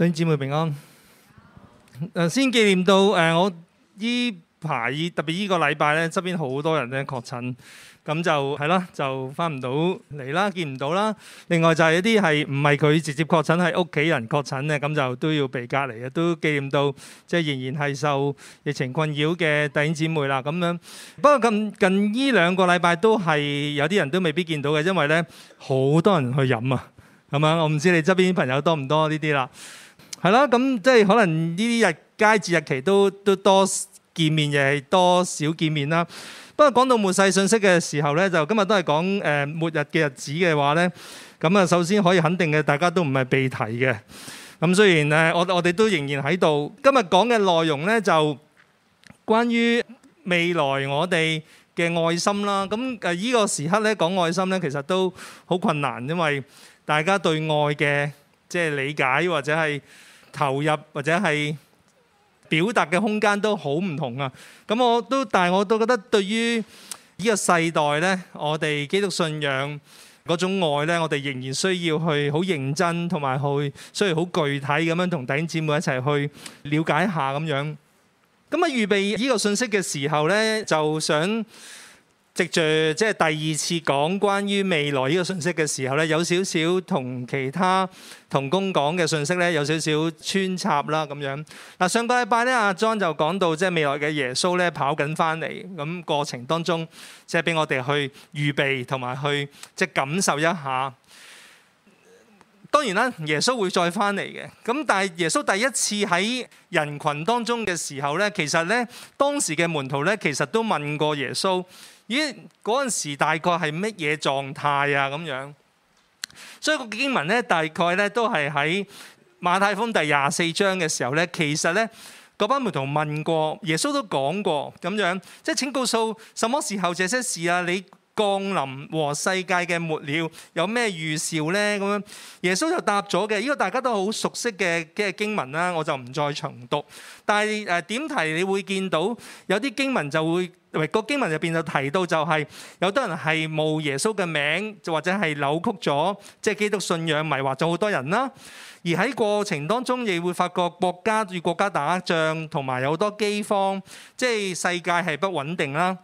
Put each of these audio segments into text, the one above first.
弟兄姊妹平安。先紀念到誒、呃，我依排特別依個禮拜咧，側邊好多人咧確診，咁就係啦，就翻唔到嚟啦，見唔到啦。另外就係一啲係唔係佢直接確診，係屋企人確診咧，咁就都要被隔離嘅。都紀念到，即係仍然係受疫情困擾嘅弟兄姊妹啦。咁樣，不過近近依兩個禮拜都係有啲人都未必見到嘅，因為咧好多人去飲啊。係咪？我唔知你側邊朋友多唔多呢啲啦。係啦，咁即係可能呢啲日佳節日期都都多見面，又係多少見面啦。不過講到末世信息嘅時候咧，就今日都係講誒末日嘅日子嘅話咧，咁啊首先可以肯定嘅，大家都唔係被提嘅。咁雖然誒，我我哋都仍然喺度。今日講嘅內容咧，就關於未來我哋嘅愛心啦。咁誒呢個時刻咧講愛心咧，其實都好困難，因為大家對愛嘅即係理解或者係，投入或者係表達嘅空間都好唔同啊！咁我都，但係我都覺得對於呢個世代咧，我哋基督信仰嗰種愛咧，我哋仍然需要去好認真同埋去需要好具體咁樣同弟兄姊妹一齊去了解一下咁樣，咁啊，預備呢個信息嘅時候咧，就想。直住即係第二次講關於未來呢個信息嘅時候咧，有少少同其他同工講嘅信息咧有少少穿插啦咁樣。嗱上個禮拜咧，阿莊就講到即係未來嘅耶穌咧跑緊翻嚟，咁過程當中即係俾我哋去預備同埋去即係感受一下。當然啦，耶穌會再翻嚟嘅。咁但係耶穌第一次喺人群當中嘅時候咧，其實咧當時嘅門徒咧其實都問過耶穌。咦，嗰陣時大概係乜嘢狀態啊？咁樣，所以個經文咧，大概咧都係喺馬太福音第廿四章嘅時候咧，其實咧，嗰班門徒問過耶穌都講過咁樣，即係請告訴什麼時候這些事啊，你降臨和世界嘅末了有咩預兆呢？咁樣耶穌就答咗嘅，呢個大家都好熟悉嘅即係經文啦，我就唔再重讀。但係誒點題，你會見到有啲經文就會，唔係個經文入邊就提到就係有啲人係冒耶穌嘅名，就或者係扭曲咗即係基督信仰，迷惑咗好多人啦。而喺過程當中，你會發覺國家與國家打仗，同埋有好多饑荒，即係世界係不穩定啦。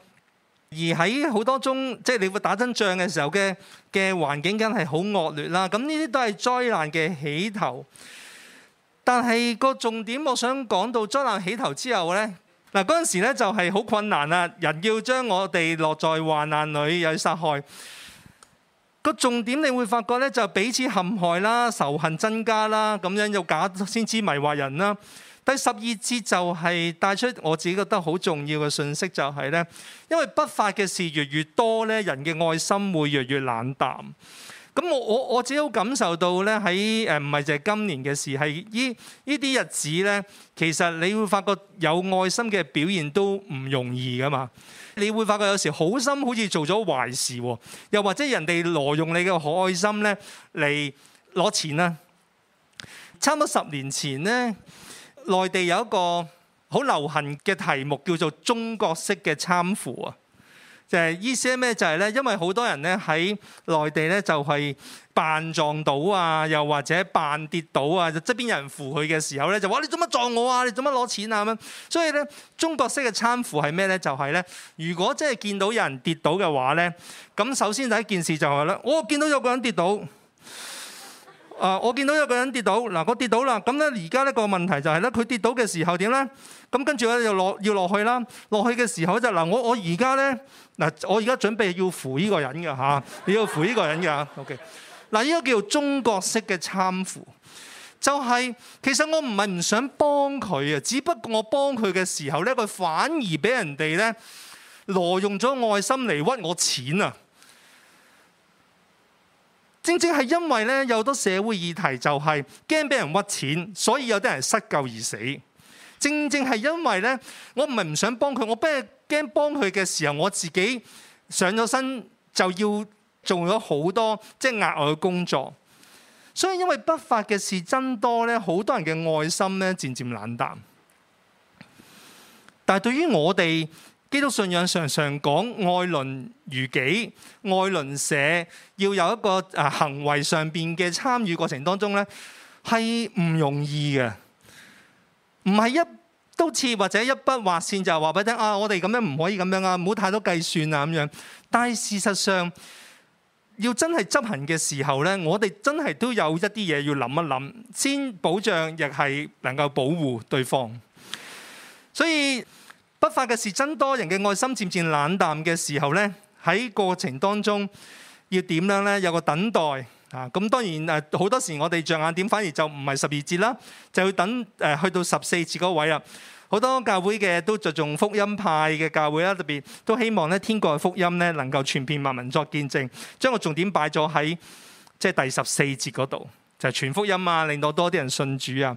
而喺好多宗，即係你會打真仗嘅時候嘅嘅環境梗係好惡劣啦。咁呢啲都係災難嘅起頭。但係個重點，我想講到災難起頭之後咧，嗱嗰陣時咧就係好困難啦。人要將我哋落在患難裏，又要殺害。個重點，你會發覺咧就彼此陷害啦、仇恨增加啦，咁樣又假先知迷惑人啦。第十二節就係帶出我自己覺得好重要嘅信息，就係咧，因為不法嘅事越越多咧，人嘅愛心會越越冷淡。咁我我我自己好感受到咧，喺誒唔係淨係今年嘅事，係依依啲日子咧，其實你會發覺有愛心嘅表現都唔容易噶嘛。你會發覺有時好心好似做咗壞事喎，又或者人哋挪用你嘅好愛心咧嚟攞錢啊！差唔多十年前咧。內地有一個好流行嘅題目叫做中國式嘅攙扶啊，就係意思係咩？就係咧，因為好多人咧喺內地咧就係扮撞到啊，又或者扮跌倒啊，就側邊有人扶佢嘅時候咧，就話你做乜撞我啊？你做乜攞錢啊？咁樣，所以咧中國式嘅攙扶係咩咧？就係咧，如果真係見到有人跌倒嘅話咧，咁首先第一件事就係咧，我見到有個人跌倒。啊！我見到有個人跌倒，嗱，我跌倒啦，咁咧而家呢個問題就係咧，佢跌倒嘅時候點咧？咁跟住我又落要落去啦，落去嘅時候就嗱，我我而家咧嗱，我而家準備要扶呢個人嘅吓你 要扶呢個人嘅 OK 嗱，呢、okay、個叫中國式嘅攙扶，就係、是、其實我唔係唔想幫佢啊，只不過我幫佢嘅時候咧，佢反而俾人哋咧挪用咗愛心嚟屈我錢啊！正正係因為咧，有好多社會議題就係驚俾人屈錢，所以有啲人失救而死。正正係因為咧，我唔係唔想幫佢，我不係驚幫佢嘅時候，我自己上咗身就要做咗好多即係額外嘅工作。所以因為不法嘅事增多咧，好多人嘅愛心咧漸漸冷淡。但係對於我哋，基督信仰常常講愛鄰如己，愛鄰舍要有一個誒行為上邊嘅參與，過程當中咧，係唔容易嘅，唔係一刀切或者一筆劃線就話俾你聽啊！我哋咁樣唔可以咁樣啊，唔好太多計算啊咁樣。但係事實上，要真係執行嘅時候咧，我哋真係都有一啲嘢要諗一諗，先保障亦係能夠保護對方。所以。不法嘅事增多，人嘅愛心漸漸冷淡嘅時候呢，喺過程當中要點樣呢？有個等待啊！咁當然誒，呃，好多時候我哋着眼點反而就唔係十二節啦，就要等誒、呃、去到十四節嗰位啊。好多教會嘅都着重福音派嘅教會啦，特別都希望呢天國嘅福音呢能夠傳遍萬民作見證，將個重點擺咗喺即係第十四節嗰度，就係傳福音啊，令到多啲人信主啊。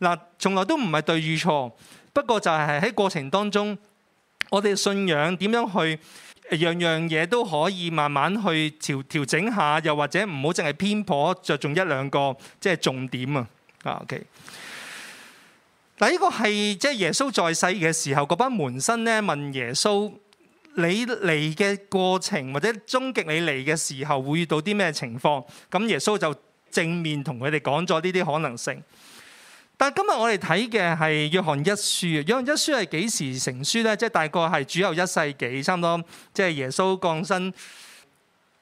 嗱、呃，從來都唔係對與錯。不過就係喺過程當中，我哋信仰點樣去樣樣嘢都可以慢慢去調調整下，又或者唔好淨係偏頗着重一兩個即係重點啊。OK，嗱呢個係即係耶穌在世嘅時候，嗰班門生咧，問耶穌：你嚟嘅過程或者終極你嚟嘅時候會遇到啲咩情況？咁耶穌就正面同佢哋講咗呢啲可能性。但今日我哋睇嘅係約翰一書，約翰一書係幾時成書呢？即係大概係主後一世紀，差唔多即係耶穌降生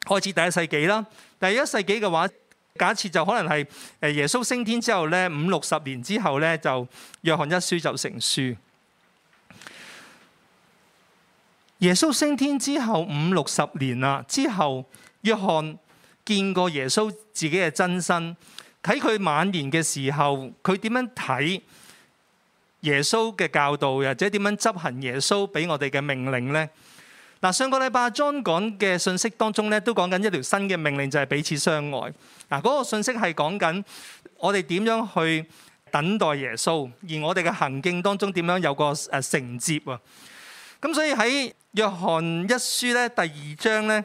開始第一世紀啦。第一世紀嘅話，假設就可能係誒耶穌升天之後咧，五六十年之後咧，就約翰一書就成書。耶穌升天之後五六十年啦，之後約翰見過耶穌自己嘅真身。睇佢晚年嘅時候，佢點樣睇耶穌嘅教導，或者點樣執行耶穌俾我哋嘅命令呢？嗱，上個禮拜 John 講嘅信息當中咧，都講緊一條新嘅命令，就係彼此相愛。嗱，嗰個信息係講緊我哋點樣去等待耶穌，而我哋嘅行徑當中點樣有個承接啊？咁所以喺約翰一書咧第二章咧，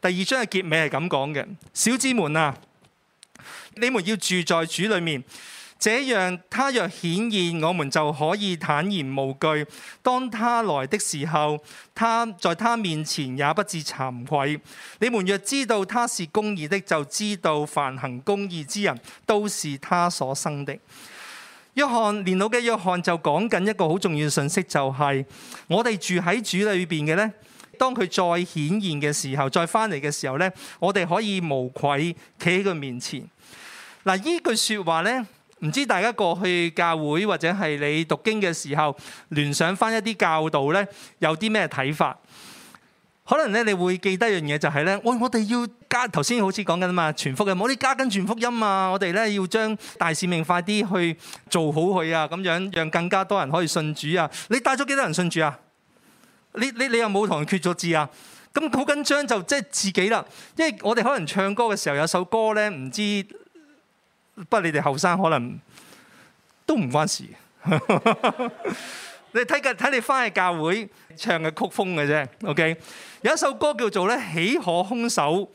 第二章嘅結尾係咁講嘅：小子們啊！你們要住在主裏面，這樣他若顯現，我們就可以坦然無懼。當他來的時候，他在他面前也不至慚愧。你們若知道他是公義的，就知道凡行公義之人都是他所生的。約翰，年老嘅約翰就講緊一個好重要嘅信息，就是，就係我哋住喺主裏邊嘅呢，當佢再顯現嘅時候，再翻嚟嘅時候呢，我哋可以無愧企喺佢面前。嗱，依句説話咧，唔知大家過去教會或者係你讀經嘅時候，聯想翻一啲教導咧，有啲咩睇法？可能咧，你會記得一樣嘢就係咧，喂，我哋要加頭先好似講緊嘛，全福音，冇啲加緊全福音啊！我哋咧要將大使命快啲去做好佢啊，咁樣讓更加多人可以信主啊！你帶咗幾多人信主啊？你你你有冇同人決咗志啊？咁好緊張就即係自己啦，因為我哋可能唱歌嘅時候有首歌咧，唔知。不過，你哋後生可能都唔關事。你睇嘅睇你翻去教會唱嘅曲風嘅啫。OK，有一首歌叫做咧《豈可空手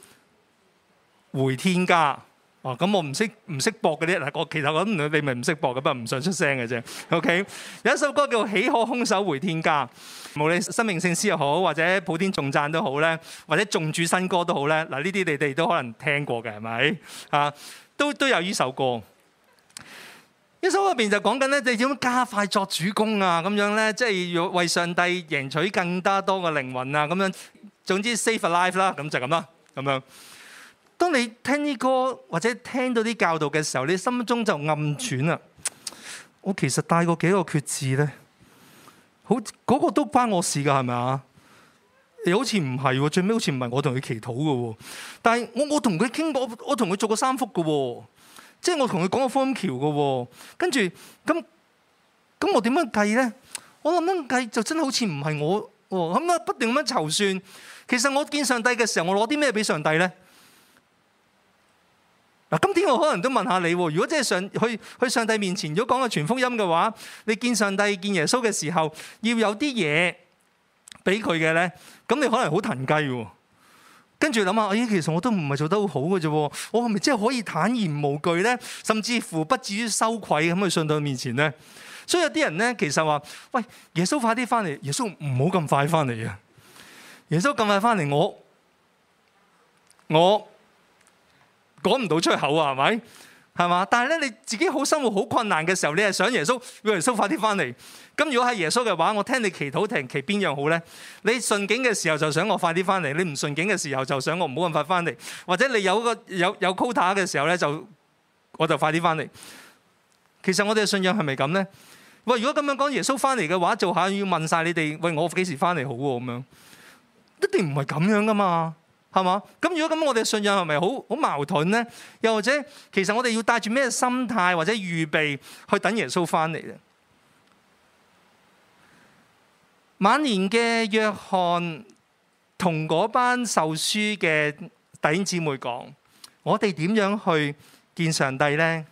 回天家》。哦，咁我唔識唔識播嗰啲嗱，我其實我諗你咪唔識播嘅，不過唔想出聲嘅啫。OK，有一首歌叫《豈可空手回天家》，無論生命聖詩又好，或者普天頌讚都好咧，或者頌主新歌都好咧。嗱，呢啲你哋都可能聽過嘅，係咪啊？都都有呢首歌，呢首入邊就講緊咧，你點樣加快作主工啊？咁樣咧，即係為上帝贏取更加多嘅靈魂啊！咁樣，總之 save a life 啦，咁就咁啦，咁樣。當你聽啲歌或者聽到啲教導嘅時候，你心中就暗轉啊。我其實帶過幾個決志咧，好嗰個都關我事噶，係咪啊？你好似唔係喎，最尾好似唔係我同佢祈禱嘅喎。但係我我同佢傾過，我同佢做過三幅嘅喎，即係我同佢講過福音橋嘅喎。跟住咁咁，我點樣計咧？我諗諗計就真係好似唔係我喎。咁啊，不斷咁樣籌算。其實我見上帝嘅時候，我攞啲咩俾上帝咧？嗱，今天我可能都問下你：如果真係上去去上帝面前，如果講嘅全福音嘅話，你見上帝、見耶穌嘅時候，要有啲嘢俾佢嘅咧？咁你可能好騰雞喎，跟住諗下，咦，其實我都唔係做得好好嘅啫，我係咪真係可以坦然無懼咧？甚至乎不至於羞愧咁去上到面前咧？所以有啲人咧，其實話：喂，耶穌快啲翻嚟！耶穌唔好咁快翻嚟啊！耶穌咁快翻嚟，我我講唔到出口啊，係咪？係嘛？但係咧，你自己好生活好困難嘅時候，你係想耶穌，耶穌快啲翻嚟。咁如果係耶穌嘅話，我聽你祈禱停祈邊樣好咧？你順境嘅時候就想我快啲翻嚟，你唔順境嘅時候就想我唔好咁快翻嚟，或者你有個有有 quota 嘅時候咧，就我就快啲翻嚟。其實我哋嘅信仰係咪咁咧？喂，如果咁樣講耶穌翻嚟嘅話，做下要問晒你哋喂，我幾時翻嚟好喎？咁樣一定唔係咁樣噶嘛，係嘛？咁如果咁，我哋嘅信仰係咪好好矛盾咧？又或者，其實我哋要帶住咩心態或者預備去等耶穌翻嚟咧？晚年嘅約翰同嗰班受書嘅弟兄姊妹講：我哋點樣去見上帝呢？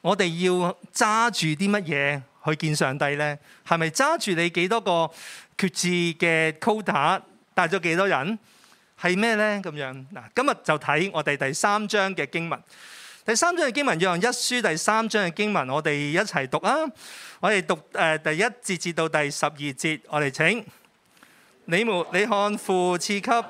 我哋要揸住啲乜嘢去見上帝呢？係咪揸住你幾多個決志嘅 quota 帶咗幾多人？係咩呢？咁樣嗱，今日就睇我哋第三章嘅經文。第三章嘅經文，約翰一書第三章嘅經文我們，我哋一齊讀啊！我哋讀第一節至到第十二節，我哋請你冇你看父賜給。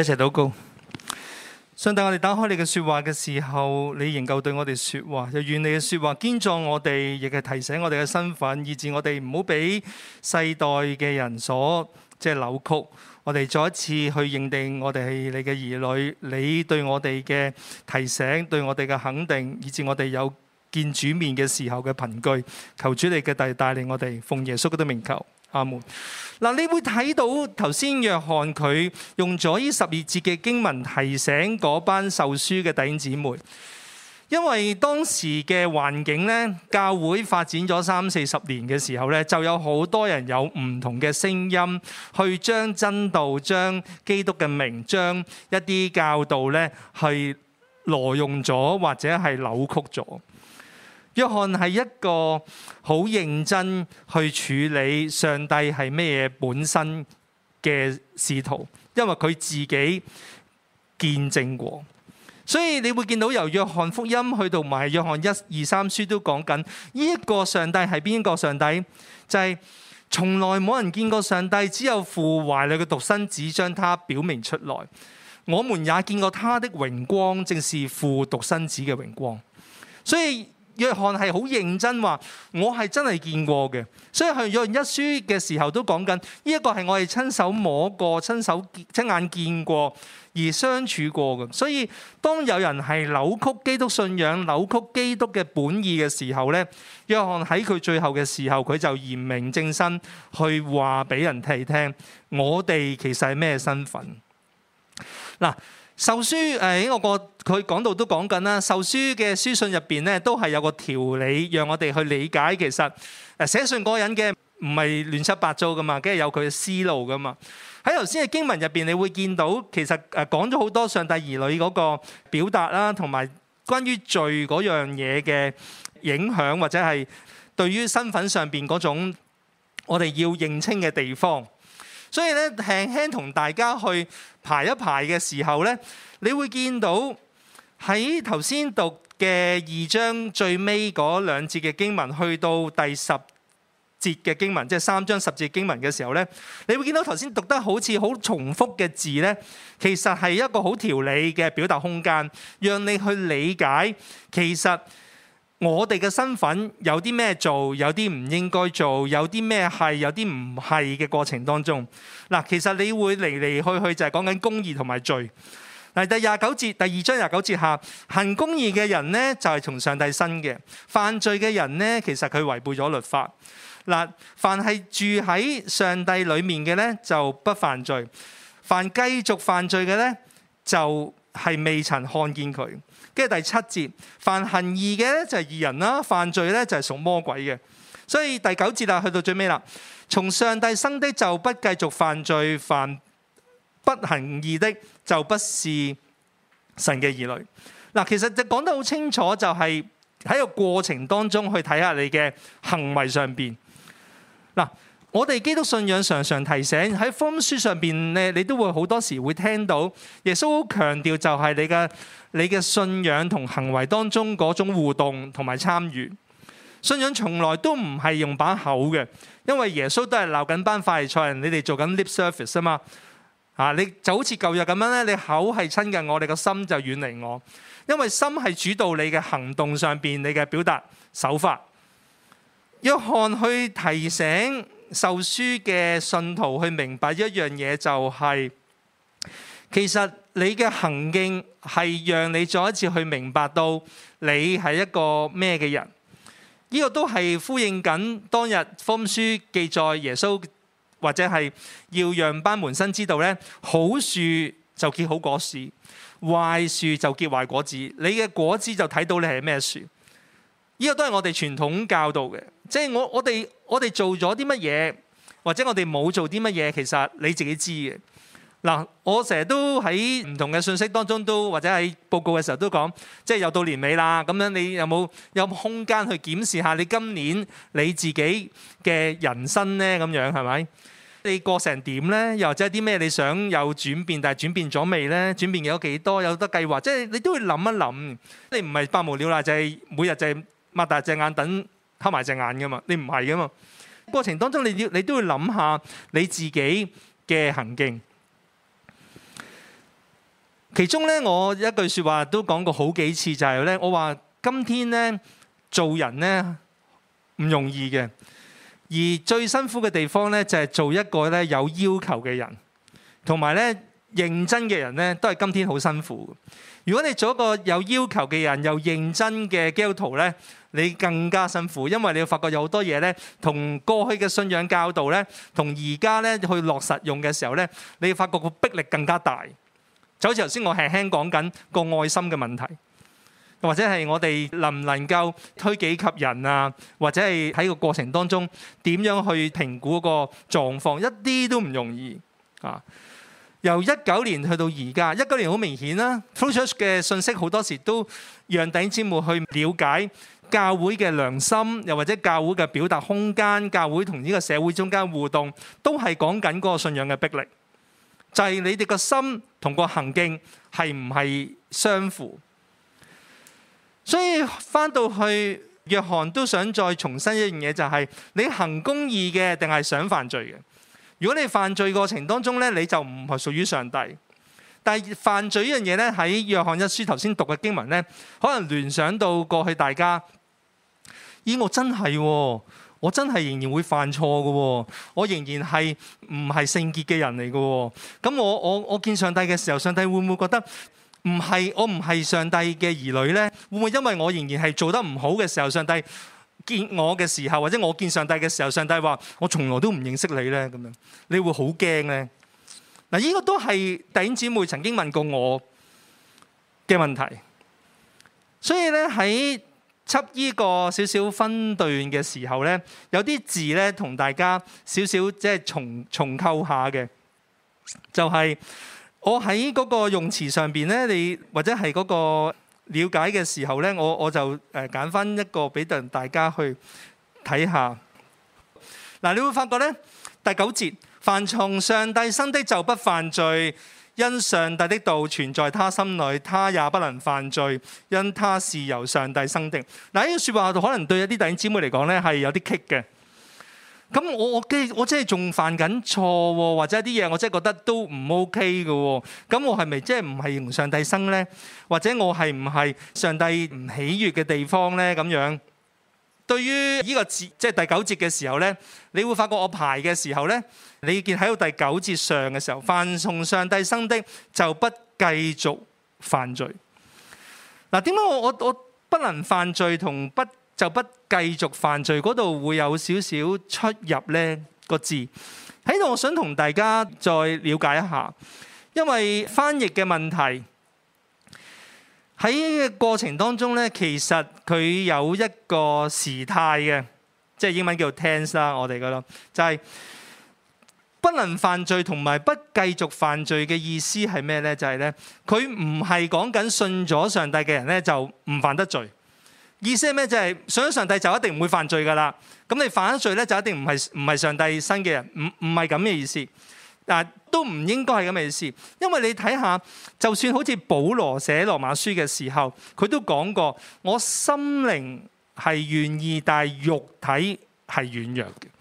一齊禱告，上帝，我哋打開你嘅說話嘅時候，你仍舊對我哋說話，又願你嘅說話堅壯我哋，亦係提醒我哋嘅身份，以致我哋唔好俾世代嘅人所即係扭曲。我哋再一次去認定我哋係你嘅兒女，你對我哋嘅提醒，對我哋嘅肯定，以致我哋有見主面嘅時候嘅憑據。求主你嘅大帶領我哋，奉耶穌嘅名求。阿門。嗱、嗯，你會睇到頭先約翰佢用咗呢十二節嘅經文提醒嗰班受書嘅弟兄姊妹，因為當時嘅環境咧，教會發展咗三四十年嘅時候咧，就有好多人有唔同嘅聲音，去將真道、將基督嘅名、將一啲教導咧，係挪用咗或者係扭曲咗。約翰係一個好認真去處理上帝係咩嘢本身嘅仕途，因為佢自己見證過，所以你會見到由約翰福音去到埋約翰一二三書都講緊呢一個上帝係邊個上帝，就係從來冇人見過上帝，只有父懷裏嘅獨生子將他表明出來，我們也見過他的榮光，正是父獨生子嘅榮光，所以。約翰係好認真話，我係真係見過嘅，所以約翰一書嘅時候都講緊，呢一個係我哋親手摸過、親手親眼見過而相處過嘅。所以當有人係扭曲基督信仰、扭曲基督嘅本意嘅時候呢，約翰喺佢最後嘅時候，佢就嚴明正身去話俾人聽，我哋其實係咩身份嗱？受書誒、哎、我個佢講到都講緊啦，受書嘅書信入邊咧都係有個條理，讓我哋去理解其實誒寫信嗰個人嘅唔係亂七八糟㗎嘛，梗係有佢嘅思路㗎嘛。喺頭先嘅經文入邊，你會見到其實誒講咗好多上帝兒女嗰個表達啦，同埋關於罪嗰樣嘢嘅影響，或者係對於身份上邊嗰種我哋要認清嘅地方。所以咧輕輕同大家去排一排嘅時候咧，你會見到喺頭先讀嘅二章最尾嗰兩節嘅經文，去到第十節嘅經文，即係三章十節經文嘅時候咧，你會見到頭先讀得好似好重複嘅字咧，其實係一個好條理嘅表達空間，讓你去理解其實。我哋嘅身份有啲咩做，有啲唔應該做，有啲咩係，有啲唔係嘅過程當中。嗱，其實你會嚟嚟去去就係講緊公義同埋罪。嗱，第廿九節，第二章廿九節下，行公義嘅人呢，就係從上帝生嘅，犯罪嘅人呢，其實佢違背咗律法。嗱，凡係住喺上帝裡面嘅呢，就不犯罪，凡繼續犯罪嘅呢，就係未曾看見佢。跟住第七節，凡行義嘅就係義人啦，犯罪咧就係屬魔鬼嘅。所以第九節啦，去到最尾啦，從上帝生的就不繼續犯罪，凡不行義的就不是神嘅兒女。嗱，其實就講得好清楚，就係、是、喺個過程當中去睇下你嘅行為上面。嗱。我哋基督信仰常常提醒，喺方書書上邊咧，你都會好多時會聽到耶穌好強調就係你嘅你嘅信仰同行為當中嗰種互動同埋參與。信仰從來都唔係用把口嘅，因為耶穌都係鬧緊班法利賽人，你哋做緊 lip service 啊嘛啊！你就好似舊日咁樣咧，你口係親近我，你個心就遠離我，因為心係主導你嘅行動上邊你嘅表達手法。約翰去提醒。受書嘅信徒去明白一樣嘢，就是，就係其實你嘅行徑係讓你再一次去明白到你係一個咩嘅人。呢、這個都係呼應緊當日福音書記載耶穌或者係要讓班門生知道呢，好樹就結好果子，壞樹就結壞果子。你嘅果子就睇到你係咩樹。呢、這個都係我哋傳統教導嘅，即、就、係、是、我我哋。我哋做咗啲乜嘢，或者我哋冇做啲乜嘢，其實你自己知嘅。嗱，我成日都喺唔同嘅信息當中都，都或者喺報告嘅時候都講，即係又到年尾啦。咁樣你有冇有冇空間去檢視下你今年你自己嘅人生咧？咁樣係咪？你過成點咧？又或者啲咩你想有轉變，但係轉變咗未咧？轉變有幾多？有得計劃？即係你都會諗一諗，你唔係百無聊賴，就係每日就係擘大隻眼等。黑埋隻眼噶嘛，你唔係噶嘛？過程當中你要你都要諗下你自己嘅行徑。其中咧，我一句說話都講過好幾次，就係咧，我話今天咧做人咧唔容易嘅，而最辛苦嘅地方咧就係做一個咧有要求嘅人，同埋咧。認真嘅人咧，都係今天好辛苦。如果你做一個有要求嘅人，又認真嘅基督徒咧，你更加辛苦，因為你要發覺有好多嘢咧，同過去嘅信仰教導咧，同而家咧去落實用嘅時候咧，你會發覺個迫力更加大。就好似頭先我輕輕講緊個愛心嘅問題，或者係我哋能唔能夠推己及人啊，或者係喺個過程當中點樣去評估個狀況，一啲都唔容易啊。由一九年去到而家，一九年好明顯啦。Church 嘅信息好多時都讓弟兄姊妹去了解教會嘅良心，又或者教會嘅表達空間，教會同呢個社會中間互動，都係講緊嗰個信仰嘅逼力，就係、是、你哋個心同個行徑係唔係相符。所以翻到去，約翰都想再重申一樣嘢，就係、是、你行公義嘅，定係想犯罪嘅。如果你犯罪過程當中咧，你就唔係屬於上帝。但係犯罪呢樣嘢咧，喺約翰一書頭先讀嘅經文咧，可能聯想到過去大家，咦、欸？我真係，我真係仍然會犯錯㗎，我仍然係唔係聖潔嘅人嚟㗎。咁我我我見上帝嘅時候，上帝會唔會覺得唔係，我唔係上帝嘅兒女咧？會唔會因為我仍然係做得唔好嘅時候，上帝？見我嘅時候，或者我見上帝嘅時候，上帝話：我從來都唔認識你咧，咁樣，你會好驚咧。嗱，呢個都係弟兄姊妹曾經問過我嘅問題，所以咧喺輯呢個少少分段嘅時候咧，有啲字咧同大家少少即係重重構下嘅，就係、是、我喺嗰個用詞上邊咧，你或者係嗰、那個。了解嘅時候呢，我我就誒揀翻一個俾大大家去睇下。嗱，你會發覺呢，第九節，凡從上帝生的就不犯罪，因上帝的道存在他心裏，他也不能犯罪，因他是由上帝生的。嗱，呢個説話可能對一啲弟兄姊妹嚟講呢，係有啲棘嘅。咁我我即我即係仲犯緊錯，或者啲嘢我真係覺得都唔 OK 嘅。咁我係咪即係唔係從上帝生呢？或者我係唔係上帝唔喜悅嘅地方呢？咁樣對於，對於呢個節即係第九節嘅時候呢，你會發覺我排嘅時候呢，你見喺到第九節上嘅時候，凡從上，上帝生的就不繼續犯罪。嗱，點解我我我不能犯罪同不就不？繼續犯罪嗰度會有少少出入，呢個字喺度，在這裡我想同大家再了解一下。因為翻譯嘅問題喺過程當中呢，其實佢有一個時態嘅，即係英文叫 tense 啦，我哋噶咯，就係、是、不能犯罪同埋不繼續犯罪嘅意思係咩呢？就係呢，佢唔係講緊信咗上帝嘅人呢，就唔犯得罪。意思係咩？就係想上帝就一定唔會犯罪㗎喇。咁你犯咗罪咧，就一定唔係唔係上帝生嘅人，唔唔係咁嘅意思。但都唔應該係咁嘅意思，因為你睇下，就算好似保羅寫羅馬書嘅時候，佢都講過，我心靈係願意，但係肉體係軟弱嘅。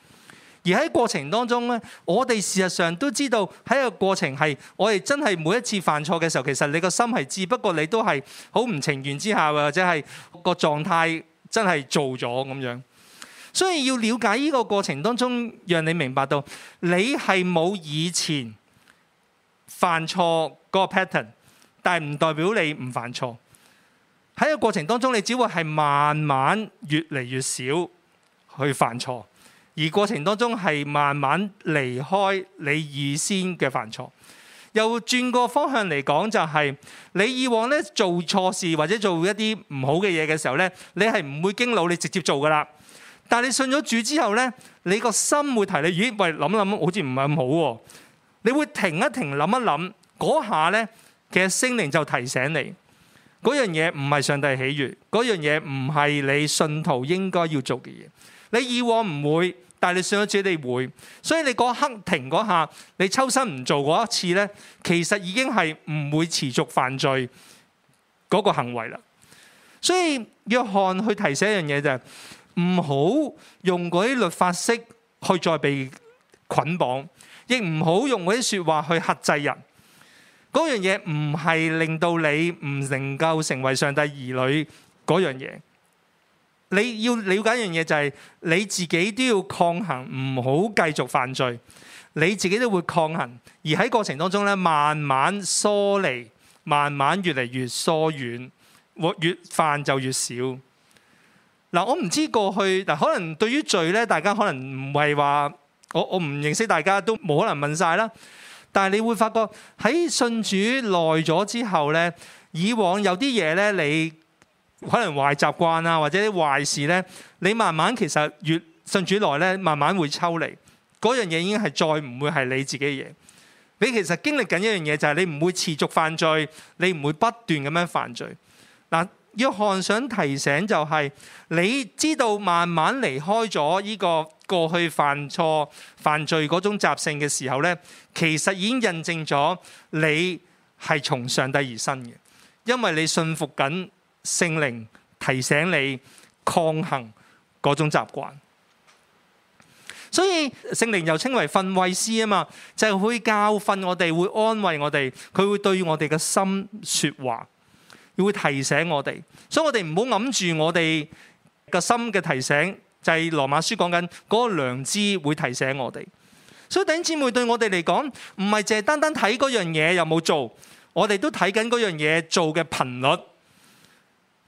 而喺過程當中呢，我哋事實上都知道喺個過程係，我哋真係每一次犯錯嘅時候，其實你個心係知，不過你都係好唔情願之下，或者係個狀態真係做咗咁樣。所以要了解呢個過程當中，讓你明白到你係冇以前犯錯個 pattern，但係唔代表你唔犯錯。喺個過程當中，你只會係慢慢越嚟越少去犯錯。而過程當中係慢慢離開你預先嘅犯錯，又轉個方向嚟講就係你以往咧做錯事或者做一啲唔好嘅嘢嘅時候咧，你係唔會經腦，你直接做噶啦。但係你信咗主之後咧，你個心會提你，咦？喂，諗諗，好似唔係咁好喎、啊。你會停一停，諗一諗，嗰下咧，其實聖靈就提醒你，嗰樣嘢唔係上帝喜悅，嗰樣嘢唔係你信徒應該要做嘅嘢。你以往唔會，但係你上咗主，你會。所以你嗰刻停嗰下，你抽身唔做嗰一次呢，其實已經係唔會持續犯罪嗰個行為啦。所以約翰去提醒一樣嘢就係、是，唔好用嗰啲律法式去再被捆綁，亦唔好用嗰啲説話去克制人。嗰樣嘢唔係令到你唔能夠成為上帝兒女嗰樣嘢。你要了解一樣嘢，就係你自己都要抗衡，唔好繼續犯罪。你自己都會抗衡，而喺過程當中咧，慢慢疏離，慢慢越嚟越疏遠，越犯就越少。嗱，我唔知過去嗱，可能對於罪咧，大家可能唔係話我，我唔認識大家都冇可能問晒啦。但係你會發覺喺信主耐咗之後咧，以往有啲嘢咧，你。可能壞習慣啊，或者啲壞事呢，你慢慢其實越信主來呢，慢慢會抽離，嗰樣嘢已經係再唔會係你自己嘅嘢。你其實經歷緊一樣嘢就係、是、你唔會持續犯罪，你唔會不斷咁樣犯罪。嗱，要看想提醒就係、是，你知道慢慢離開咗呢個過去犯錯犯罪嗰種習性嘅時候呢，其實已經印證咗你係從上帝而生嘅，因為你信服緊。聖靈提醒你抗衡嗰種習慣，所以聖靈又稱為訓慰師啊嘛，就係可以教訓我哋，會安慰我哋，佢會對我哋嘅心說話，會提醒我哋，所以我哋唔好諗住我哋個心嘅提醒，就係羅馬書講緊嗰個良知會提醒我哋。所以弟兄姊妹對我哋嚟講，唔係淨係單單睇嗰樣嘢有冇做，我哋都睇緊嗰樣嘢做嘅頻率。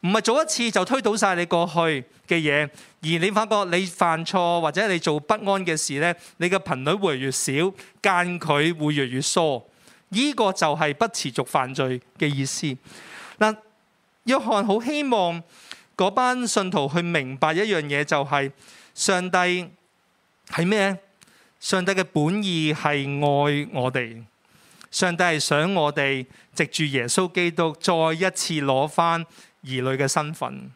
唔係做一次就推倒晒你過去嘅嘢，而你發覺你犯錯或者你做不安嘅事，呢你嘅頻率會越，越少，間距會越越，越越疏，呢、呢個就係不持續犯罪嘅意思。嗱，約翰好希望嗰班信徒去明白一樣嘢，就係上帝係咩？上帝嘅本意係愛我哋，上帝係想我哋藉住耶穌基督再一次攞翻。兒女嘅身份，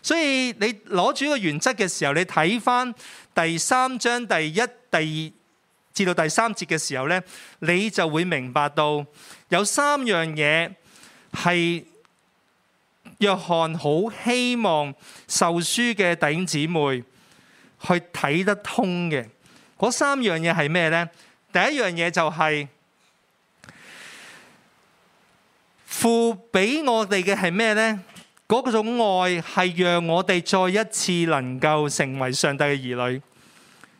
所以你攞住個原則嘅時候，你睇翻第三章第一、第二至到第三節嘅時候呢，你就會明白到有三樣嘢係約翰好希望受書嘅弟兄姊妹去睇得通嘅。嗰三樣嘢係咩呢？第一樣嘢就係父俾我哋嘅係咩呢？嗰個種愛係讓我哋再一次能夠成為上帝嘅兒女，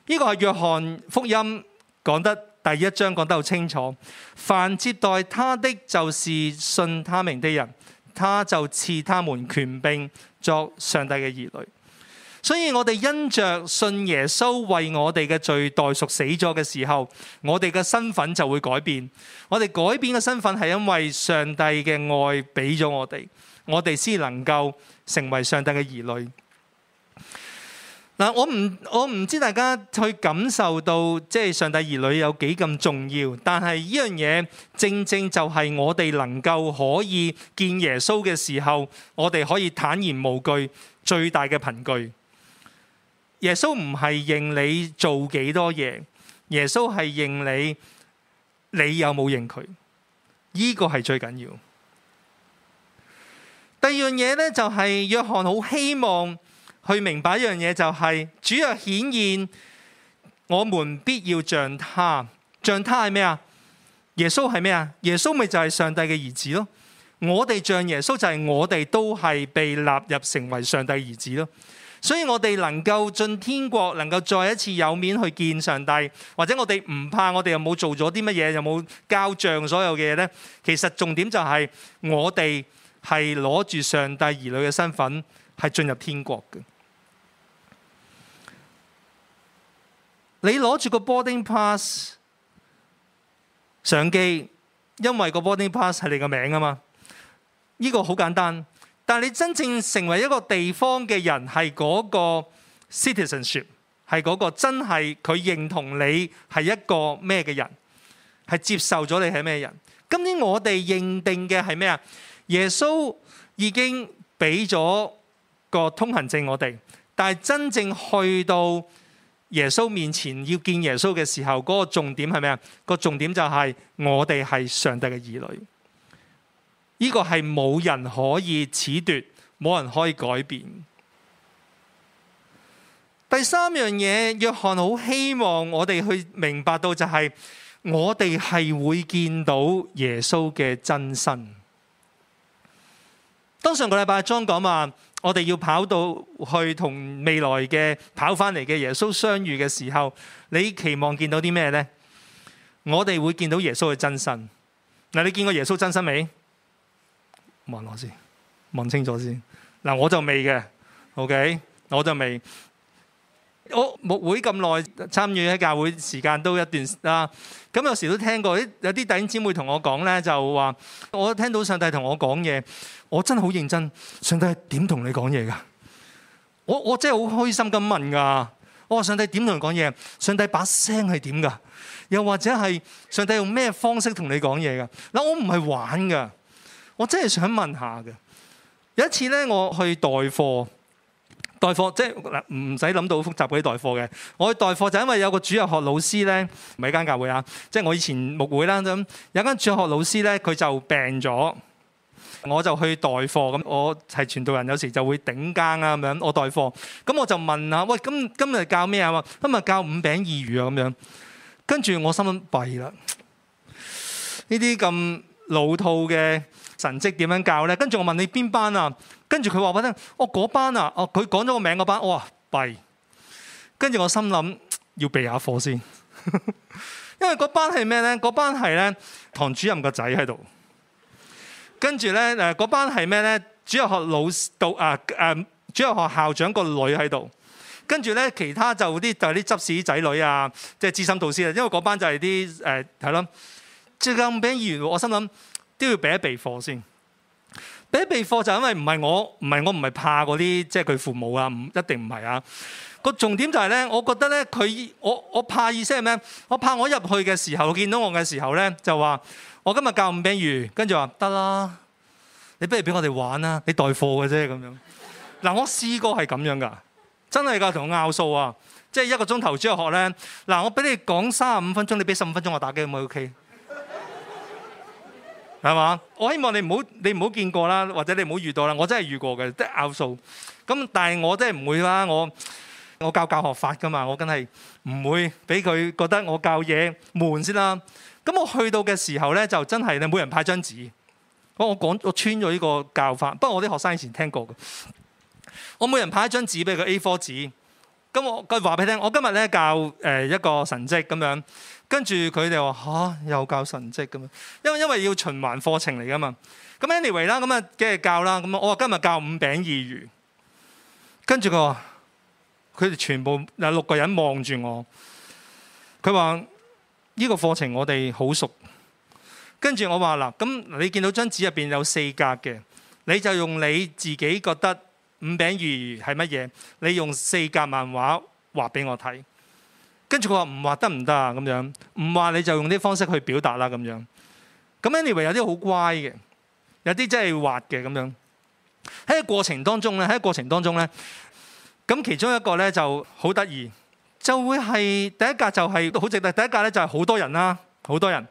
呢個係約翰福音講得第一章講得好清楚。凡接待他的就是信他名的人，他就賜他們權柄作上帝嘅兒女。所以我哋因着信耶穌為我哋嘅罪代贖死咗嘅時候，我哋嘅身份就會改變。我哋改變嘅身份係因為上帝嘅愛俾咗我哋。我哋先能夠成為上帝嘅兒女。嗱，我唔我唔知大家去感受到即係上帝兒女有幾咁重要，但係呢樣嘢正正就係我哋能夠可以見耶穌嘅時候，我哋可以坦然無懼最大嘅憑據。耶穌唔係認你做幾多嘢，耶穌係認你，你有冇認佢？呢個係最緊要。第二樣嘢咧，就係約翰好希望去明白一樣嘢，就係主若顯現，我們必要像他。像他係咩啊？耶穌係咩啊？耶穌咪就係上帝嘅兒子咯。我哋像耶穌，就係我哋都係被納入成為上帝嘅兒子咯。所以我哋能夠進天國，能夠再一次有面去見上帝，或者我哋唔怕我們有沒有，我哋又冇做咗啲乜嘢，又冇交賬所有嘅嘢咧。其實重點就係我哋係攞住上帝兒女嘅身份，係進入天國嘅。你攞住個 boarding pass 上機，因為個 boarding pass 係你的名字個名啊嘛。呢個好簡單，但你真正成為一個地方嘅人，係嗰個 citizenship，係嗰個真係佢認同你係一個咩嘅人，係接受咗你係咩人。今年我哋認定嘅係咩啊？耶穌已經俾咗個通行證我哋，但係真正去到耶穌面前要見耶穌嘅時候，嗰個重點係咩啊？個重點就係我哋係上帝嘅兒女，呢個係冇人可以褫奪，冇人可以改變。第三樣嘢，約翰好希望我哋去明白到就係我哋係會見到耶穌嘅真身。當上個禮拜莊講話，我哋要跑到去同未來嘅跑翻嚟嘅耶穌相遇嘅時候，你期望見到啲咩呢？我哋會見到耶穌嘅真身。嗱，你見過耶穌真身未？望我先，望清楚先。嗱，我就未嘅。OK，我就未。我牧會咁耐，參與喺教會時間都一段時間啦。咁有時都聽過有啲弟兄姊妹同我講咧，就話我聽到上帝同我講嘢，我真係好認真。上帝點同你講嘢噶？我我真係好開心咁問噶。我話上帝點同你講嘢？上帝把聲係點噶？又或者係上帝用咩方式同你講嘢噶？嗱，我唔係玩噶，我真係想問一下噶。有一次咧，我去代課。代課即係唔使諗到好複雜嗰啲代課嘅，我去代課就因為有個主日學老師咧，唔係一間教會啊，即係我以前牧會啦咁，有間主日學老師咧佢就病咗，我就去代課咁，我係傳道人，有時就會頂更啊咁樣。我代課，咁我就問啊，喂，今今日教咩啊？今日教五餅二魚啊咁樣，跟住我心諗弊啦，呢啲咁老套嘅神蹟點樣教咧？跟住我問你邊班啊？跟住佢話俾我聽，我、哦、嗰班啊，哦、我佢講咗個名嗰班，哇、哦、弊！跟住我心諗要備下課先， 因為嗰班係咩咧？嗰班係咧，堂主任個仔喺度，跟住咧，誒嗰班係咩咧？主日學老師導啊，誒、啊，主日學校長個女喺度，跟住咧其他就啲、是、就係、是、啲執事仔女啊，即、就、係、是、資深導師啊，因為嗰班就係啲誒係咯，即咁俾人議論，我心諗都要俾一備課先。俾備課就因為唔係我，唔係我唔係怕嗰啲，即係佢父母啊，唔一定唔係啊。個重點就係咧，我覺得咧，佢我我怕意思係咩？我怕我入去嘅時候見到我嘅時候咧，就話我今日教五餅魚，跟住話得啦，你不如俾我哋玩啦，你代課嘅啫咁樣。嗱，我試過係咁樣噶，真係噶，同我拗數啊，即係一個鐘頭之後學咧。嗱，我俾你講三十五分鐘，你俾十五分鐘我打機，可唔可以 OK？係嘛？我希望你唔好，你唔好見過啦，或者你唔好遇到啦。我真係遇過嘅，即係拗數。咁但係我真係唔會啦。我我教教學法㗎嘛，我梗係唔會俾佢覺得我教嘢悶先啦。咁我去到嘅時候咧，就真係你每人派張紙。我我講我穿咗呢個教法，不過我啲學生以前聽過嘅。我每人派一張紙俾佢 A4 紙。咁我佢話俾你聽，我今日咧教誒、呃、一個神蹟咁樣。跟住佢哋話吓又教神蹟咁啊，因為因為要循環課程嚟噶嘛。咁 anyway 啦，咁啊梗係教啦，咁我話今日教五餅二魚，魚。跟住佢話，佢哋全部有六個人望住我。佢話呢個課程我哋好熟。跟住我話啦，咁、啊、你見到張紙入邊有四格嘅，你就用你自己覺得五餅二魚係乜嘢，你用四格漫畫畫俾我睇。跟住佢話唔畫得唔得啊？咁樣唔畫你就用啲方式去表達啦。咁樣咁 anyway 有啲好乖嘅，有啲真係畫嘅咁樣。喺個過程當中咧，喺個過程當中咧，咁其中一個咧就好得意，就會係第一格就係好值得，第一格咧就係好多人啦，好多人，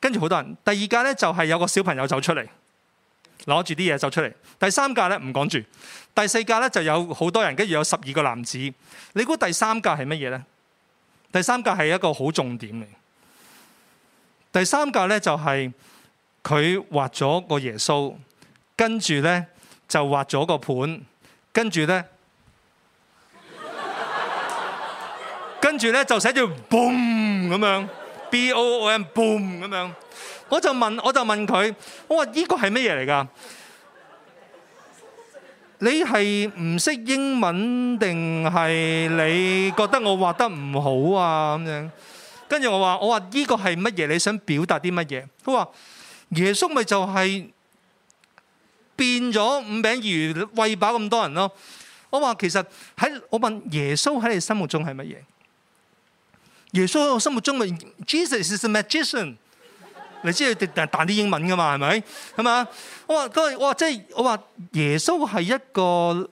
跟住好多人。第二格咧就係有個小朋友走出嚟，攞住啲嘢走出嚟。第三格咧唔講住，第四格咧就有好多人，跟住有十二個男子。你估第三格係乜嘢咧？第三格係一個好重點嚟。第三格咧就係佢畫咗個耶穌，跟住咧就畫咗個盤，跟住咧，跟住咧就寫住 boom 咁樣，b o o m boom 咁樣。我就問我就問佢，我話依個係乜嘢嚟㗎？你係唔識英文定係你覺得我畫得唔好啊咁樣？跟住我話，我話呢個係乜嘢？你想表達啲乜嘢？佢話耶穌咪就係變咗五餅二魚餵飽咁多人咯。我話其實喺我問耶穌喺你心目中係乜嘢？耶穌喺我心目中咪 Jesus is a magician。你知佢哋彈啲英文噶嘛，係咪咁啊？我話佢，我話即係我話耶穌係一個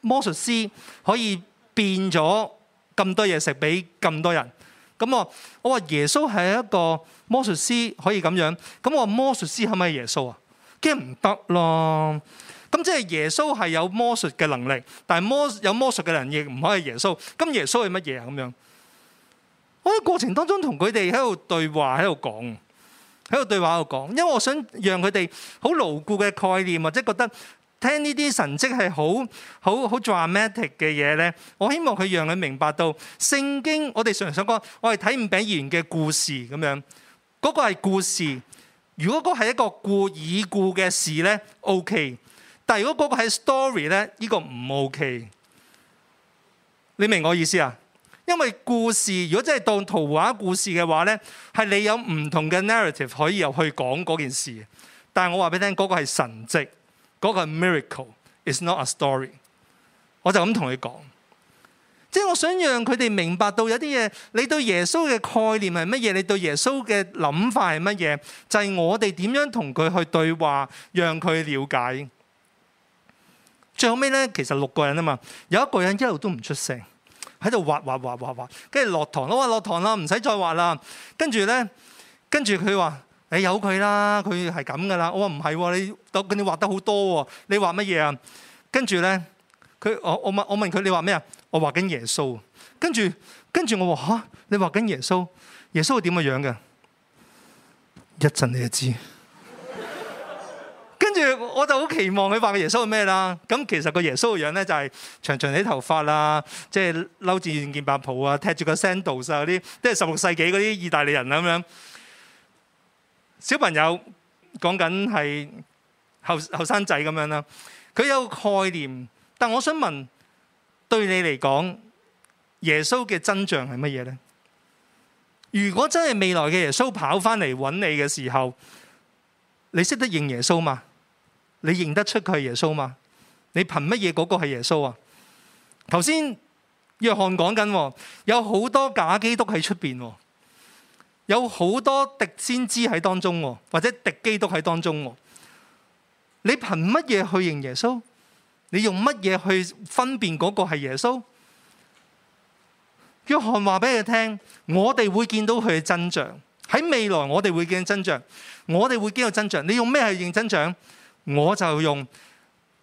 魔術師，可以變咗咁多嘢食俾咁多人。咁我我話耶穌係一個魔術師，可以咁樣。咁我話魔術師係咪係耶穌啊？梗唔得咯。咁即係耶穌係有魔術嘅能力，但係魔有魔術嘅人亦唔可以耶穌。咁耶穌係乜嘢啊？咁樣我喺過程當中同佢哋喺度對話，喺度講。喺個對話度講，因為我想讓佢哋好牢固嘅概念，或者覺得聽呢啲神跡係好好好 dramatic 嘅嘢咧，我希望佢讓佢明白到聖經。我哋常常講，我係睇五餅二魚嘅故事咁樣，嗰個係故事。如果嗰係一個故已故嘅事咧，OK。但係如果嗰個係 story 咧，呢個唔 OK。你明我意思啊？因為故事如果真係當圖畫故事嘅話呢係，你有唔同嘅 narrative 可以入去講嗰件事。但係我話俾你聽，嗰、那個係神蹟，嗰、那個 miracle is not a story。我就咁同你講，即係我想讓佢哋明白到有啲嘢，你對耶穌嘅概念係乜嘢，你對耶穌嘅諗法係乜嘢，就係、是、我哋點樣同佢去對話，讓佢了解。最後尾呢，其實六個人啊嘛，有一個人一路都唔出聲。喺度畫畫畫畫畫，跟住落堂啦。我話落堂啦，唔使再畫啦。跟住咧，跟住佢話：誒，有佢啦，佢係咁噶啦。我話唔係，你，咁你畫得好多喎。你畫乜嘢啊？跟住咧，佢我我問，我問佢你畫咩啊？我畫緊耶穌。跟住跟住我話：吓，你畫緊耶穌？耶穌會點嘅樣㗎？一陣你就知。我就好期望佢話嘅耶穌係咩啦？咁其實個耶穌嘅樣咧就係長長啲頭髮啦，即係褸住件白袍啊，踢住個 sandals 啊啲，即係十六世紀嗰啲意大利人咁樣。小朋友講緊係後後生仔咁樣啦，佢有概念，但我想問，對你嚟講，耶穌嘅真相係乜嘢咧？如果真係未來嘅耶穌跑翻嚟揾你嘅時候，你識得認耶穌嘛？你認得出佢係耶穌嘛？你憑乜嘢嗰個係耶穌啊？頭先約翰講緊，有好多假基督喺出邊，有好多敵先知喺當中，或者敵基督喺當中。你憑乜嘢去認耶穌？你用乜嘢去分辨嗰個係耶穌？約翰話俾你聽，我哋會見到佢嘅真像。喺未來，我哋會見到真像，我哋會見到真像。你用咩去認真像？我就用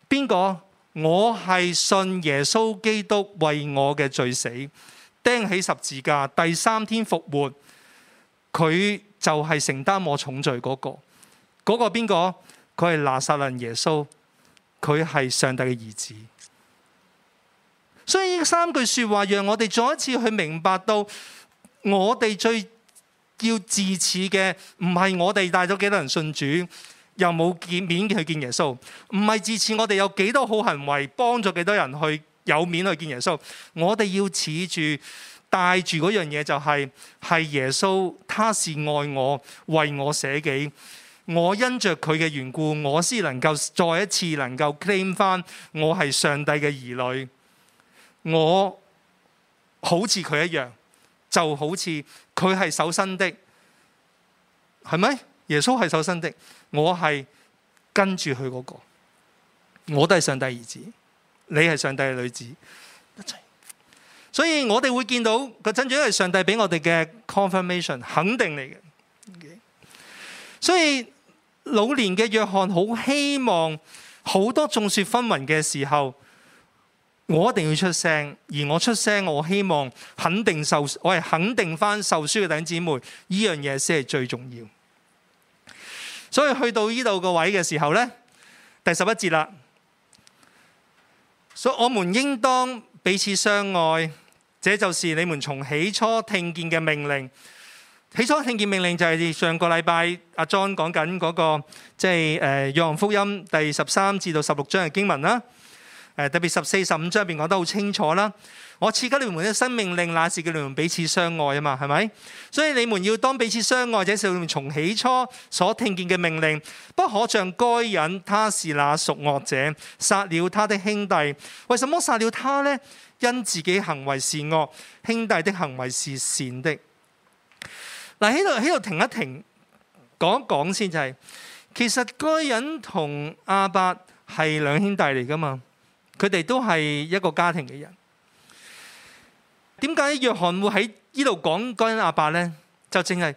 邊個？我係信耶穌基督為我嘅罪死釘起十字架，第三天復活。佢就係承擔我重罪嗰個，嗰個邊個？佢係拿撒勒耶穌，佢係上帝嘅兒子。所以呢三句說話，讓我哋再一次去明白到我哋最要自恃嘅，唔係我哋帶咗幾多人信主。又冇見面去見耶穌，唔係自此，我哋有幾多好行為，幫咗幾多人去有面去見耶穌。我哋要持住帶住嗰樣嘢、就是，就係係耶穌，他是愛我，為我捨己，我因着佢嘅緣故，我先能夠再一次能夠 claim 翻我係上帝嘅兒女。我好似佢一樣，就好似佢係守身的，係咪？耶穌係守身的。我係跟住佢嗰個，我都係上帝兒子，你係上帝嘅女子，一齊。所以我哋會見到個增長係上帝俾我哋嘅 confirmation 肯定嚟嘅。所以老年嘅約翰好希望，好多眾說紛紜嘅時候，我一定要出聲，而我出聲，我希望肯定受，我係肯定翻受書嘅弟兄姊妹，呢樣嘢先係最重要。所以去到呢度個位嘅時候呢，第十一節啦。所以我們應當彼此相愛，這就是你們從起初聽見嘅命令。起初聽見命令就係上個禮拜阿 John 講緊嗰個，即係誒約翰福音第十三至到十六章嘅經文啦、呃。特別十四、十五章入邊講得好清楚啦。我賜給你們的新命令，那是叫你們彼此相愛啊嘛，係咪？所以你們要當彼此相愛者。是從起初所聽見嘅命令。不可像該人，他是那屬惡者，殺了他的兄弟。為什麼殺了他呢？因自己行為是惡，兄弟的行為是善的。嗱，喺度喺度停一停，講一講先，就係其實該人同阿伯係兩兄弟嚟噶嘛，佢哋都係一個家庭嘅人。點解約翰會喺呢度講該隱亞伯呢？就淨係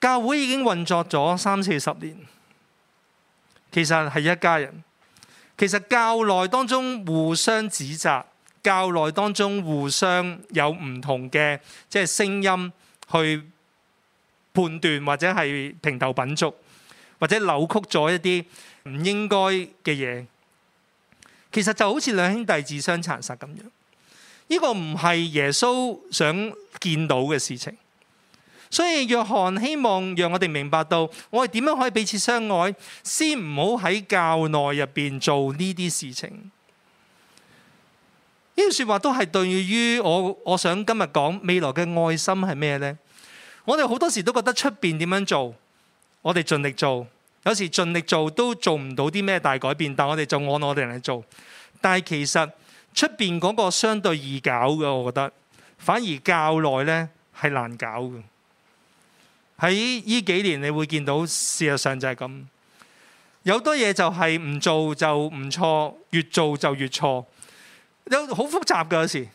教會已經運作咗三四十年，其實係一家人。其實教內當中互相指責，教內當中互相有唔同嘅即係聲音去判斷，或者係評頭品足，或者扭曲咗一啲唔應該嘅嘢。其實就好似兩兄弟自相殘殺咁樣。呢個唔係耶穌想見到嘅事情，所以約翰希望讓我哋明白到，我哋點樣可以彼此相愛，先唔好喺教內入邊做呢啲事情。呢句說話都係對於我，我想今日講未來嘅愛心係咩呢？我哋好多時都覺得出邊點樣做，我哋盡力做，有時盡力做都做唔到啲咩大改變，但我哋就按我哋人嚟做，但係其實。出面嗰個相對易搞嘅，我覺得反而教內呢係難搞嘅。喺呢幾年你會見到，事實上就係咁。有多嘢就係唔做就唔錯，越做就越錯。有好複雜㗎，有時，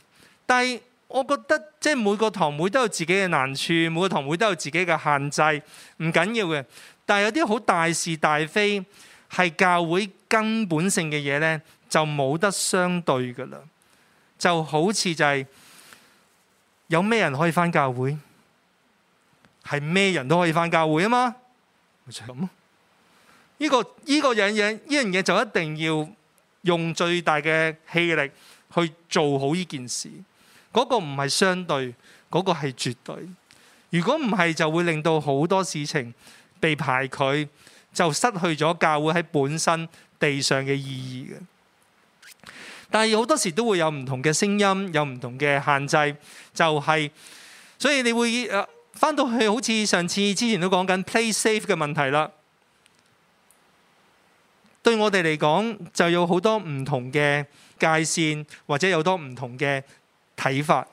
但係我覺得即係每個堂會都有自己嘅難處，每個堂會都有自己嘅限制，唔緊要嘅。但係有啲好大是大非，係教會根本性嘅嘢呢。就冇得相對噶啦，就好似就係有咩人可以翻教會，係咩人都可以翻教會啊？嘛咪就咁咯。呢個呢個樣嘢樣嘢就一定要用最大嘅氣力去做好呢件事。嗰個唔係相對，嗰個係絕對。如果唔係，就會令到好多事情被排拒，就失去咗教會喺本身地上嘅意義嘅。但係好多時都會有唔同嘅聲音，有唔同嘅限制，就係、是、所以你會誒翻、啊、到去，好似上次之前都講緊 play safe 嘅問題啦。對我哋嚟講，就有好多唔同嘅界線，或者有多唔同嘅睇法。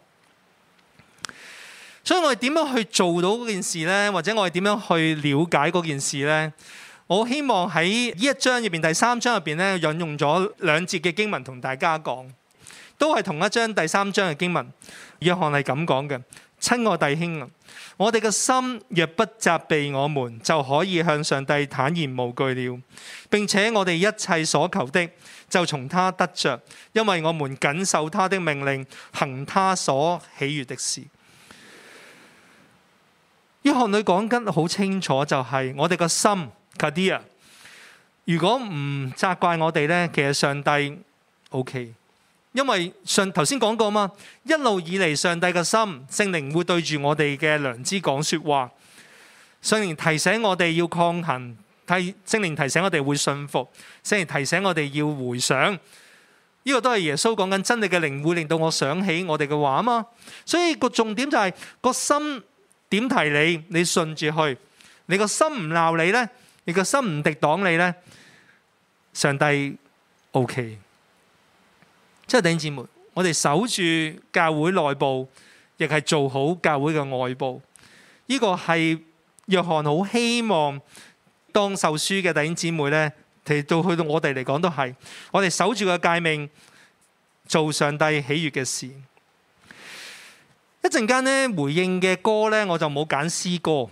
所以我哋點樣去做到嗰件事呢？或者我哋點樣去了解嗰件事呢？我希望喺呢一章入邊第三章入邊咧，引用咗兩節嘅經文同大家講，都係同一章第三章嘅經文。約翰係咁講嘅：親愛弟兄啊，我哋嘅心若不責備我們，就可以向上帝坦然無懼了，並且我哋一切所求的就從他得着，因為我們謹守他的命令，行他所喜悦的事。約翰佢講緊好清楚，就是，就係我哋嘅心。如果唔責怪我哋呢，其實上帝 OK，因為上頭先講過嘛，一路以嚟上帝嘅心聖靈會對住我哋嘅良知講說話，聖靈提醒我哋要抗衡，提聖靈提醒我哋會信服，聖靈提醒我哋要回想，呢、這個都係耶穌講緊真理嘅靈會令到我想起我哋嘅話嘛，所以個重點就係、是、個心點提你，你順住去，你個心唔鬧你呢？你個心唔敵擋你呢？上帝 OK。即係弟兄姊妹，我哋守住教會內部，亦係做好教會嘅外部。呢個係約翰好希望當受書嘅弟兄姊妹呢，其實到去到我哋嚟講都係，我哋守住嘅誡命，做上帝喜悅嘅事。一陣間呢，回應嘅歌呢，我就冇揀詩歌，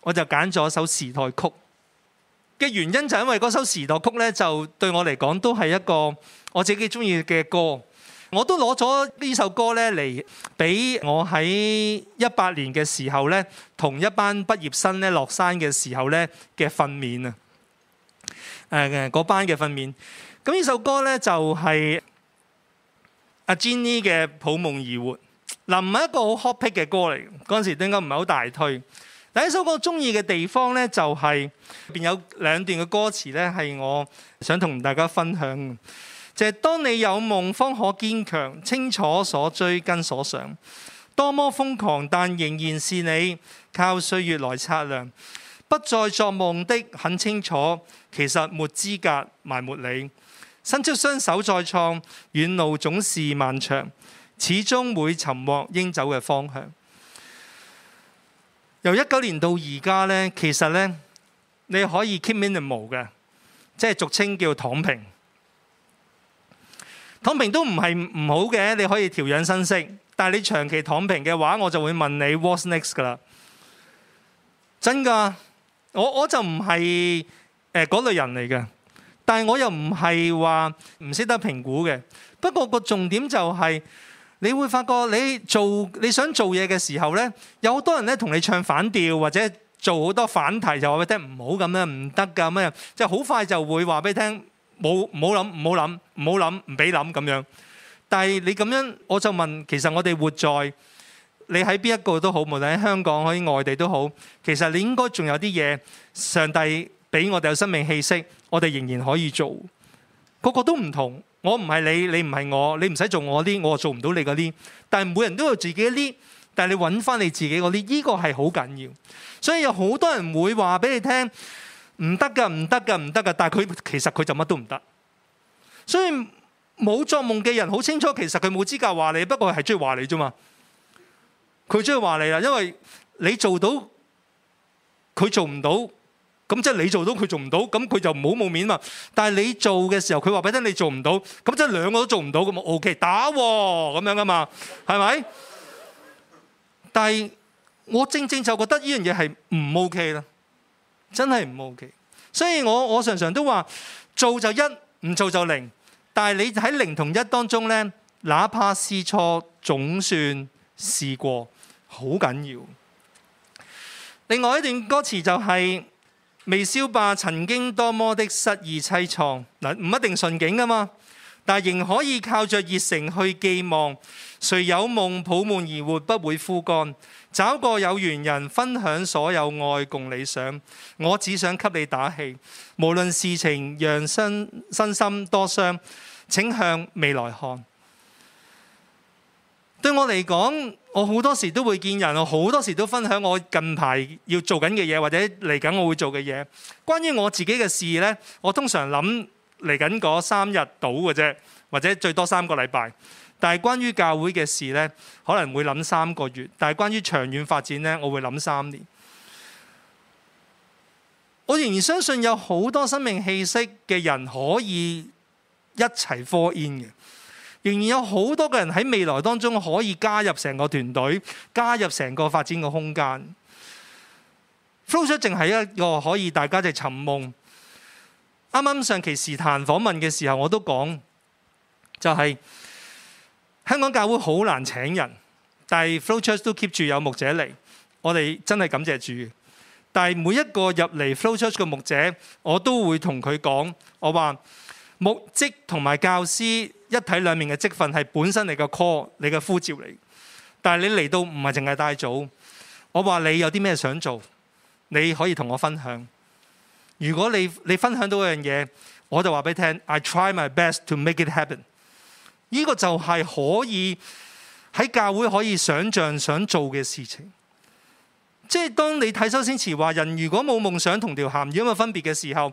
我就揀咗首時代曲。嘅原因就係因為嗰首時代曲咧，就對我嚟講都係一個我自己中意嘅歌，我都攞咗呢首歌咧嚟俾我喺一八年嘅時候咧，同一班畢業生咧落山嘅時候咧嘅訓勉啊，誒嗰班嘅訓勉。咁呢首歌咧就係阿 Jenny 嘅《抱夢而活》，嗱唔係一個好 hot pick 嘅歌嚟，嗰陣時應該唔係好大推。第一首歌中意嘅地方呢，就係入邊有兩段嘅歌詞呢，係我想同大家分享嘅。就係當你有夢，方可堅強；清楚所追跟所想，多麼瘋狂，但仍然是你靠歲月來測量。不再作夢的很清楚，其實沒資格埋沒你。伸出雙手再創，遠路總是漫長，始終會尋獲應走嘅方向。由一九年到而家咧，其實咧你可以 keep minimal 嘅，即係俗稱叫躺平。躺平都唔係唔好嘅，你可以調養生息。但係你長期躺平嘅話，我就會問你 what's next 噶啦。真噶，我我就唔係誒嗰類人嚟嘅，但係我又唔係話唔識得評估嘅。不過個重點就係、是。你會發覺你做你想做嘢嘅時候呢，有好多人呢同你唱反調，或者做好多反題就話俾你聽，唔好咁樣，唔得噶咩？即係好快就會話俾你聽，冇，唔好諗，唔好諗，唔好諗，唔俾諗咁樣。但係你咁樣，我就問，其實我哋活在你喺邊一個都好，無論喺香港、喺外地都好，其實你應該仲有啲嘢，上帝俾我哋有生命氣息，我哋仍然可以做。個個都唔同。我唔係你，你唔係我，你唔使做我啲，我做唔到你嗰啲。但係每人都有自己啲，但係你揾翻你自己嗰啲，呢個係好緊要。所以有好多人會話俾你聽，唔得㗎，唔得㗎，唔得㗎。但係佢其實佢就乜都唔得。所以冇做夢嘅人好清楚，其實佢冇資格話你，不過係中意話你啫嘛。佢中意話你啦，因為你做到，佢做唔到。咁即係你做到，佢做唔到，咁佢就唔好冇面嘛。但係你做嘅時候，佢話俾你聽你做唔到，咁即係兩個都做唔到咁，咪 O K 打喎，咁樣噶嘛，係咪？ 但係我正正就覺得呢樣嘢係唔 O K 啦，真係唔 O K。所以我我常常都話做就一，唔做就零。但係你喺零同一當中呢，哪怕試錯，總算試過，好緊要。另外一段歌詞就係、是。未消霸曾經多麼的失意悽蒼，唔一定順境啊嘛，但係仍可以靠著熱誠去寄望。誰有夢抱滿而活，不會枯乾。找個有緣人，分享所有愛共理想。我只想給你打氣，無論事情讓身身心多傷，請向未來看。對我嚟講。我好多時都會見人，我好多時都分享我近排要做緊嘅嘢，或者嚟緊我會做嘅嘢。關於我自己嘅事呢，我通常諗嚟緊嗰三日到嘅啫，或者最多三個禮拜。但係關於教會嘅事呢，可能會諗三個月。但係關於長遠發展呢，我會諗三年。我仍然相信有好多生命氣息嘅人可以一齊科 o in 嘅。仍然有好多嘅人喺未來當中可以加入成個團隊，加入成個發展嘅空間。Flow Church 淨係一個可以大家就尋夢。啱啱上期時談訪問嘅時候，我都講就係、是、香港教會好難請人，但係 Flow Church 都 keep 住有牧者嚟，我哋真係感謝主。但係每一個入嚟 Flow Church 嘅牧者，我都會同佢講，我話牧職同埋教師。一體兩面嘅職份係本身你嘅 call，你嘅呼召嚟。但係你嚟到唔係淨係帶組，我話你有啲咩想做，你可以同我分享。如果你你分享到一樣嘢，我就話俾你聽，I try my best to make it happen。呢個就係可以喺教會可以想像想做嘅事情。即係當你睇周星馳話人如果冇夢想同條鹹魚有冇分別嘅時候，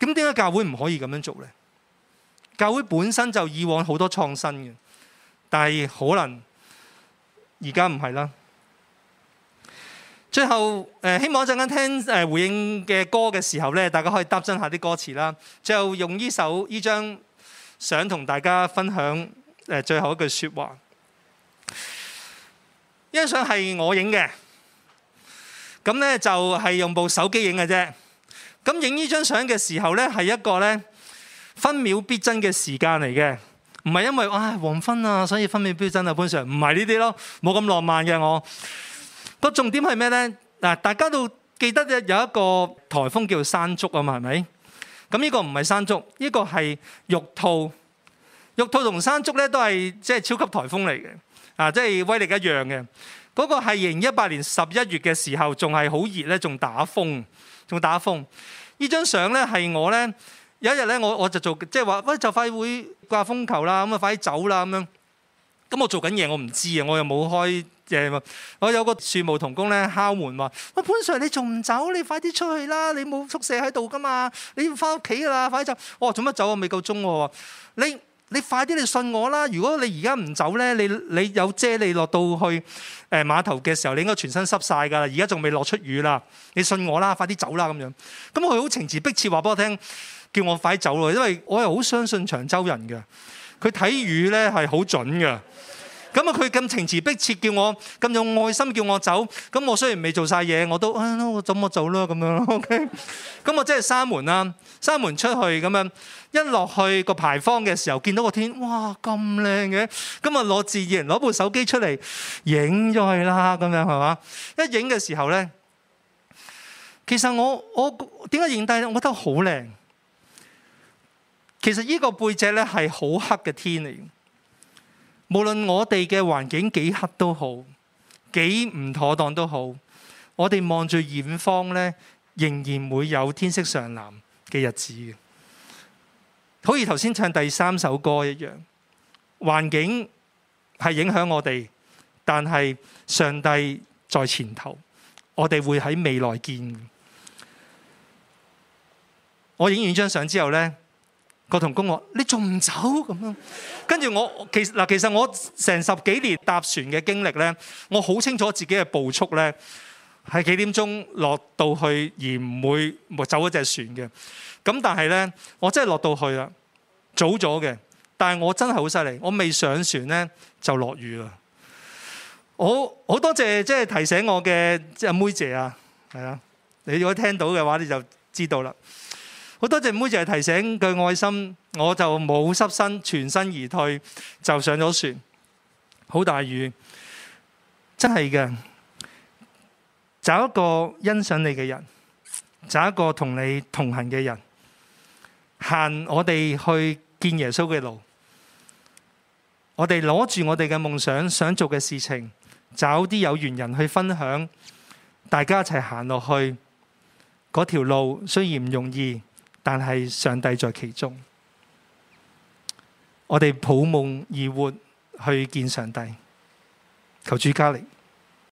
咁點解教會唔可以咁樣做呢？教會本身就以往好多創新嘅，但係可能而家唔係啦。最後誒、呃，希望陣間聽誒、呃、回應嘅歌嘅時候咧，大家可以嗒真下啲歌詞啦。最後用呢首呢張相同大家分享誒、呃、最後一句説話。這個、照片是呢張相係我影嘅，咁咧就係、是、用部手機影嘅啫。咁影呢張相嘅時候咧，係一個咧。分秒必爭嘅時間嚟嘅，唔係因為唉、哎、黃昏啊，所以分秒必爭啊，潘 Sir，唔係呢啲咯，冇咁浪漫嘅我。不過重點係咩咧？嗱，大家都記得有一個颱風叫山竹啊嘛，係咪？咁呢個唔係山竹，呢個係玉兔。玉兔同山竹咧都係即係超級颱風嚟嘅，啊，即係威力一樣嘅。嗰、那個係二零一八年十一月嘅時候，仲係好熱咧，仲打風，仲打風。張呢張相咧係我咧。有一日咧，我我就做即係話，喂就快會掛風球啦，咁啊快啲走啦咁樣。咁我做緊嘢，我唔知啊，我又冇開誒。我有個樹木童工咧敲門話，喂潘 Sir，你仲唔走？你快啲出去啦！你冇宿舍喺度噶嘛？你要返屋企噶啦，快啲走。我做乜走啊？未夠鐘喎！你你快啲，你信我啦！如果你而家唔走咧，你你有遮，你落到去誒碼頭嘅時候，你應該全身濕晒噶啦。而家仲未落出雨啦，你信我啦，快啲走啦咁樣。咁佢好情詞迫切話俾我聽。叫我快走咯，因為我又好相信長洲人嘅，佢睇雨咧係好準嘅。咁啊，佢咁情詞逼切，叫我咁有愛心叫我走。咁我雖然未做晒嘢，我都啊，我走我走啦咁樣。OK，咁我即係閂門啦，閂門出去咁樣，一落去個牌坊嘅時候，見到個天，哇咁靚嘅。咁啊攞自然攞部手機出嚟影咗去啦，咁樣係嘛？一影嘅時候咧，其實我我點解影低呢？我覺得好靚。其實呢個背脊咧，係好黑嘅天嚟。無論我哋嘅環境幾黑都好，幾唔妥當都好，我哋望住遠方咧，仍然會有天色尚藍嘅日子嘅。好似頭先唱第三首歌一樣，環境係影響我哋，但係上帝在前頭，我哋會喺未來見。我影完張相之後咧。個同工話：你仲唔走咁樣？跟住我，其嗱其實我成十幾年搭船嘅經歷咧，我好清楚自己嘅步速咧，係幾點鐘落到去而唔會冇走一隻船嘅。咁但係咧，我真係落到去啦，早咗嘅。但係我真係好犀利，我未上船咧就落雨啦。我好多謝即係提醒我嘅阿妹姐啊，係啊，你如果聽到嘅話，你就知道啦。好多謝妹仔提醒句愛心，我就冇濕身，全身而退就上咗船。好大雨，真係嘅。找一個欣賞你嘅人，找一個同你同行嘅人，行我哋去見耶穌嘅路。我哋攞住我哋嘅夢想、想做嘅事情，找啲有緣人去分享，大家一齊行落去，嗰條路雖然唔容易，但係上帝在其中，我哋抱夢而活，去見上帝，求主加力。